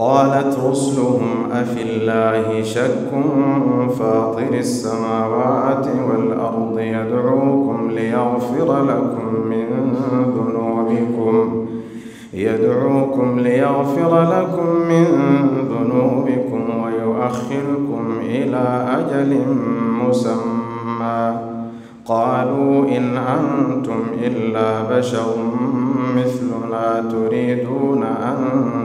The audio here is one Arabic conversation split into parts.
قالت رسلهم أفي الله شك فاطر السماوات والأرض يدعوكم ليغفر لكم من ذنوبكم يدعوكم ليغفر لكم من ذنوبكم ويؤخركم إلى أجل مسمى قالوا إن أنتم إلا بشر مثلنا تريدون أن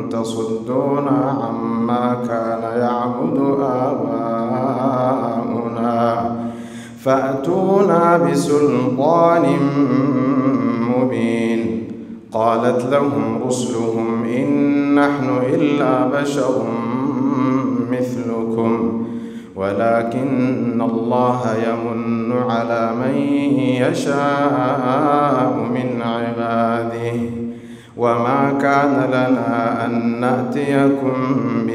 تصدونا عما كان يعبد آباؤنا فأتونا بسلطان مبين قالت لهم رسلهم إن نحن إلا بشر مثلكم ولكن الله يمن على من يشاء من عباده وما كان لنا أن نأتيكم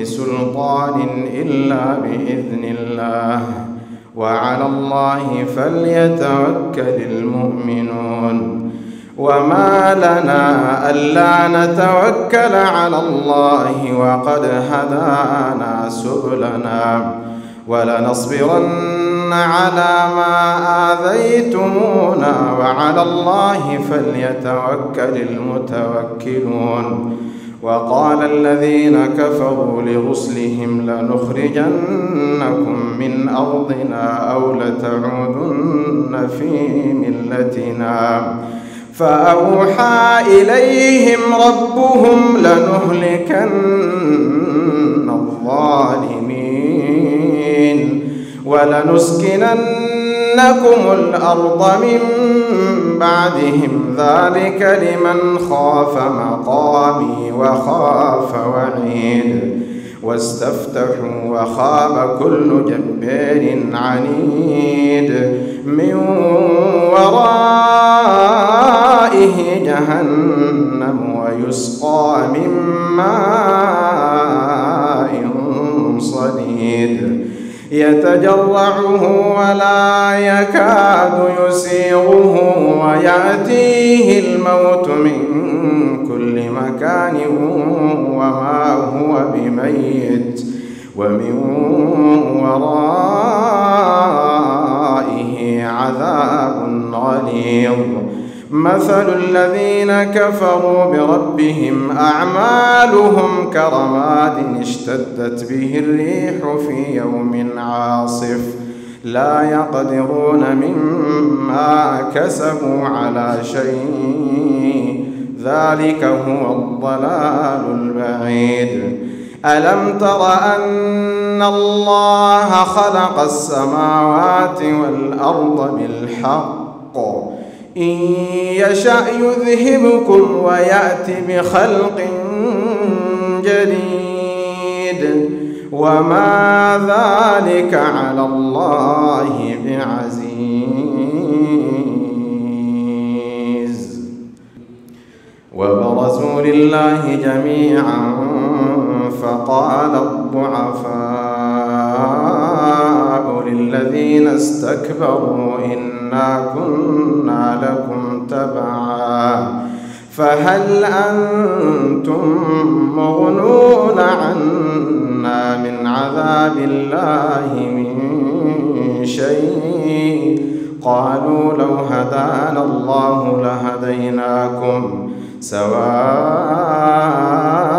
بسلطان إلا بإذن الله وعلى الله فليتوكل المؤمنون وما لنا ألا نتوكل على الله وقد هدانا سبلنا ولنصبرن على ما آذيتمونا وعلى الله فليتوكل المتوكلون وقال الذين كفروا لرسلهم لنخرجنكم من أرضنا أو لتعودن في ملتنا فأوحى إليهم ربهم لنهلكن الظالمين ولنسكننكم الأرض من بعدهم ذلك لمن خاف مقامي وخاف وعيد واستفتحوا وخاب كل جبار عنيد من ورائه جهنم ويسقى من ماء يتجرعه ولا يكاد يسيغه ويأتيه الموت من كل مكان وما هو بميت ومن ورائه عذاب غليظ مثل الذين كفروا بربهم أعمالهم كرماد اشتدت به الريح في يوم عاصف لا يقدرون مما كسبوا على شيء ذلك هو الضلال البعيد ألم تر أن الله خلق السماوات والأرض بالحق إن يشأ يذهبكم ويأتي بخلق جديد وما ذلك على الله بعزيز وبرزوا لله جميعا فقال الضعفاء الذين استكبروا إنا كنا لكم تبعا فهل أنتم مغنون عنا من عذاب الله من شيء قالوا لو هدانا الله لهديناكم سواء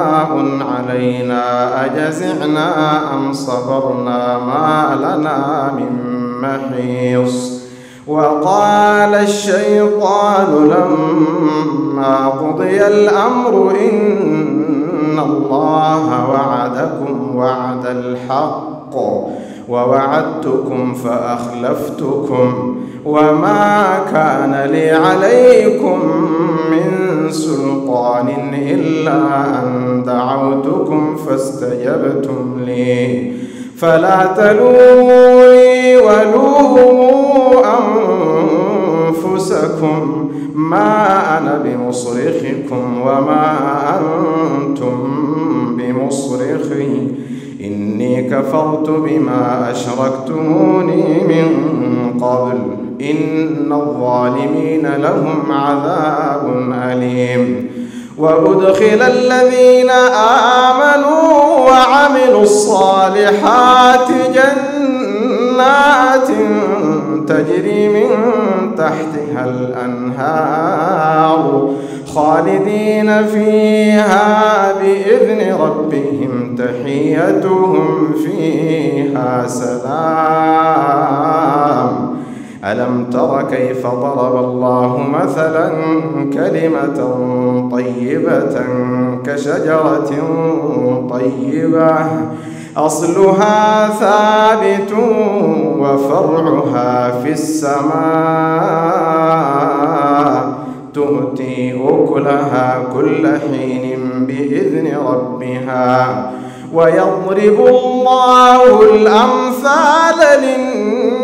علينا أجزعنا أم صبرنا ما لنا من محيص وقال الشيطان لما قضي الأمر إن الله وعدكم وعد الحق ووعدتكم فأخلفتكم وما كان لي عليكم من سلطان إلا أن دعوت فاستجبتم لي فلا تلوموني ولوموا أنفسكم ما أنا بمصرخكم وما أنتم بمصرخي إني كفرت بما أشركتموني من قبل إن الظالمين لهم عذاب أليم وأدخل الذين آمنوا وعملوا الصالحات جنات تجري من تحتها الأنهار خالدين فيها بإذن ربهم تحيتهم فيها سلام ألم تر كيف ضرب الله مثلا كلمة طيبة كشجرة طيبة أصلها ثابت وفرعها في السماء تؤتي أكلها كل حين بإذن ربها ويضرب الله الأمثال للناس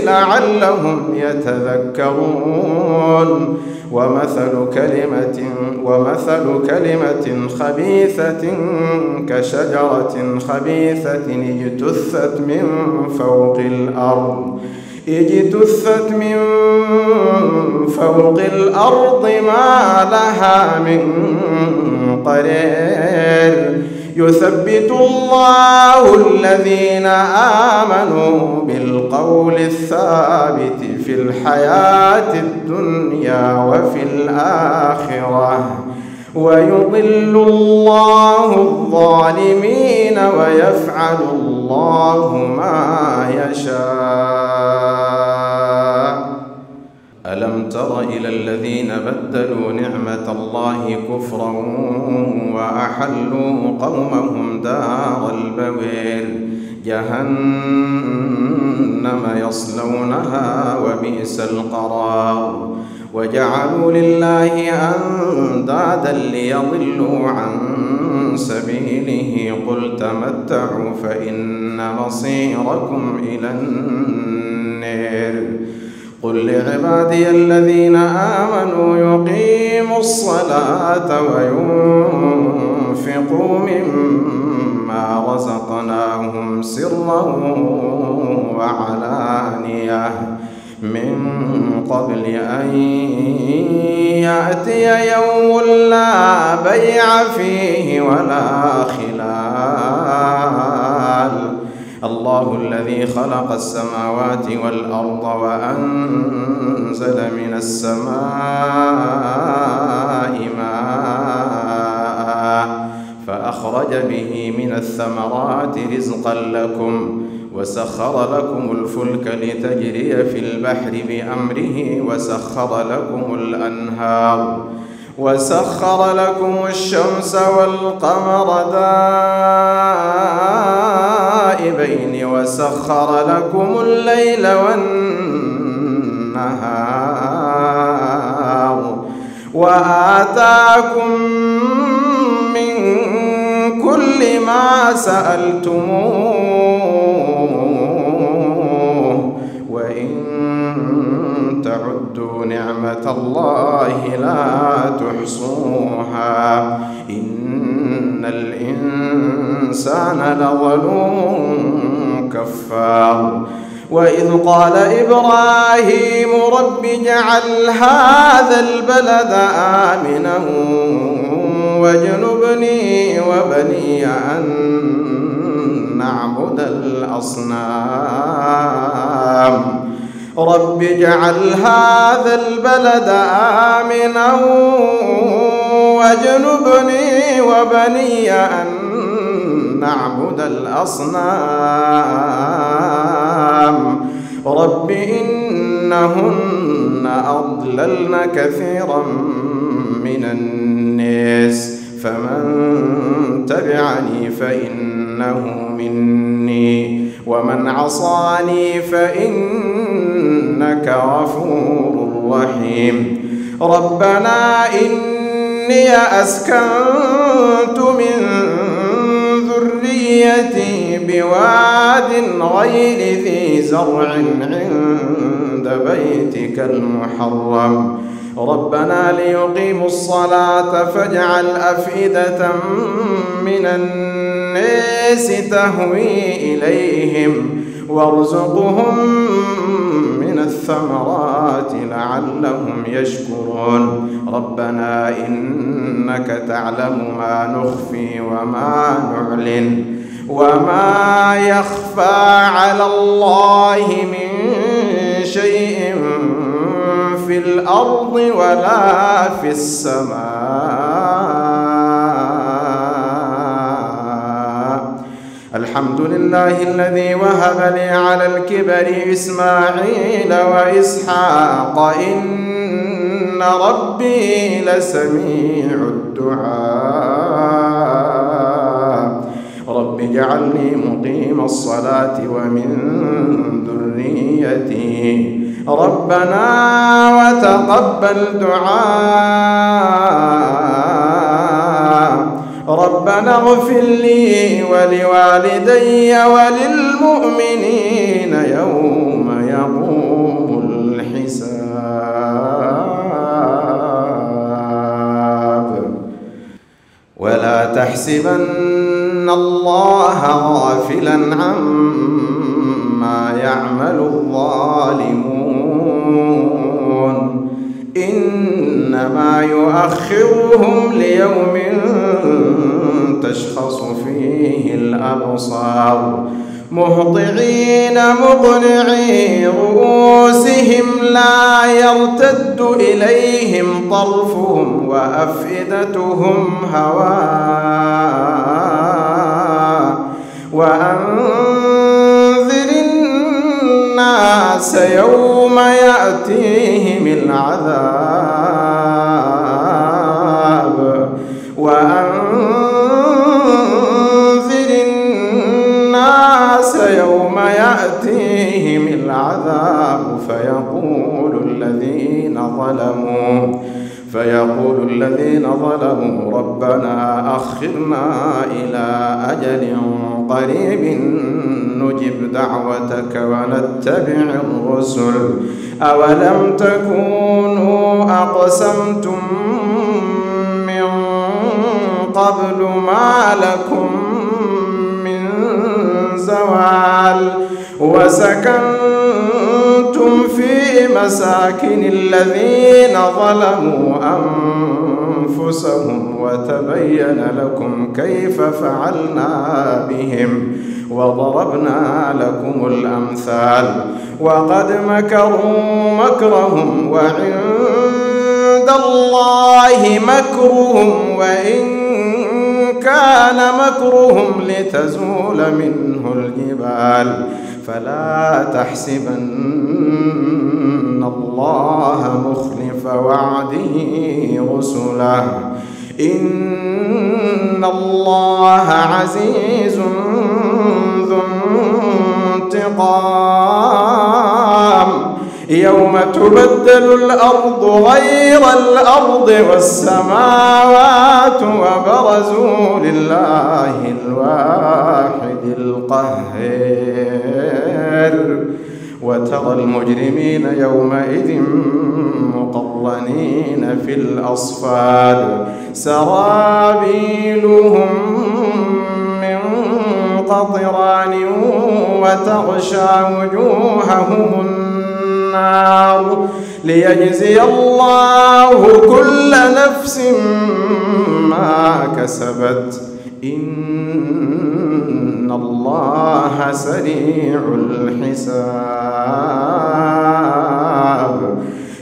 لعلهم يتذكرون ومثل كلمة ومثل كلمة خبيثة كشجرة خبيثة اجتثت من فوق الأرض اجتثت من فوق الأرض ما لها من قرير يثبت الله الذين آمنوا بالقول الثابت في الحياة الدنيا وفي الآخرة ويضل الله الظالمين ويفعل الله ما يشاء ألم تر إلى الذين بدلوا نعمة الله كفرا وأحلوا قومهم دار البوير جهنم يصلونها وبئس القرار وجعلوا لله أندادا ليضلوا عن سبيله قل تمتعوا فإن مصيركم إلى النار قل لعبادي الذين آمنوا يقيموا الصلاة وينفقوا مما رزقناهم سرا وعلانية من قبل أن يأتي يوم لا بيع فيه ولا خلاف الله الذي خلق السماوات والأرض وأنزل من السماء ماء فأخرج به من الثمرات رزقا لكم وسخر لكم الفلك لتجري في البحر بأمره وسخر لكم الأنهار وسخر لكم الشمس والقمر دار الغائبين وسخر لكم الليل والنهار وآتاكم من كل ما سألتموه وإن تعدوا نعمة الله لا تحصوها إن الإنسان الإنسان لظلوم كفار وإذ قال إبراهيم رب اجعل هذا البلد آمنا واجنبني وبني أن نعبد الأصنام رب اجعل هذا البلد آمنا واجنبني وبني أن نعبد الأصنام رب إنهن أضللن كثيرا من الناس فمن تبعني فإنه مني ومن عصاني فإنك غفور رحيم ربنا إني أسكنت من يأتي بواد غير ذي زرع عند بيتك المحرم ربنا ليقيموا الصلاة فاجعل أفئدة من الناس تهوي إليهم وارزقهم من الثمرات لعلهم يشكرون ربنا إنك تعلم ما نخفي وما نعلن وما يخفى على الله من شيء في الأرض ولا في السماء الحمد لله الذي وهب لي على الكبر إسماعيل وإسحاق إن ربي لسميع الدعاء اجعلني مقيم الصلاة ومن ذريتي ربنا وتقبل دعاء ربنا اغفر لي ولوالدي وللمؤمنين يوم يقوم الحساب ولا تحسبن إن الله غافلا عما يعمل الظالمون إنما يؤخرهم ليوم تشخص فيه الأبصار مهطعين مقنعي رؤوسهم لا يرتد إليهم طرفهم وأفئدتهم هواء وأنذر الناس يوم يأتيهم العذاب وأنذر الناس يوم يأتيهم العذاب فيقول الذين ظلموا فيقول الذين ظلموا ربنا أخرنا إلى أجل قريب نجب دعوتك ونتبع الرسل أولم تكونوا أقسمتم من قبل ما لكم من زوال وسكنتم في مساكن الذين ظلموا أنفسهم أنفسهم وتبين لكم كيف فعلنا بهم وضربنا لكم الأمثال وقد مكروا مكرهم وعند الله مكرهم وإن كان مكرهم لتزول منه الجبال فلا تحسبن إن الله مخلف وعده رسله إن الله عزيز ذو انتقام يوم تبدل الأرض غير الأرض والسماوات وبرزوا لله الواحد القهير وترى المجرمين يومئذ مقرنين في الأصفاد سرابيلهم من قطران وتغشى وجوههم النار ليجزي الله كل نفس ما كسبت إن إن الله سريع الحساب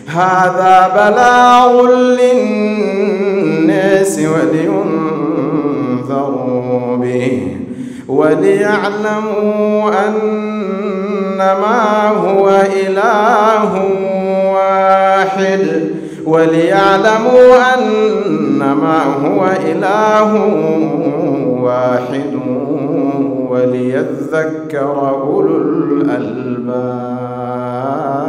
هذا بلاغ للناس ولينذروا به وليعلموا أنما هو إله واحد وليعلموا أنما هو إله واحد وليذكر أولو الألباب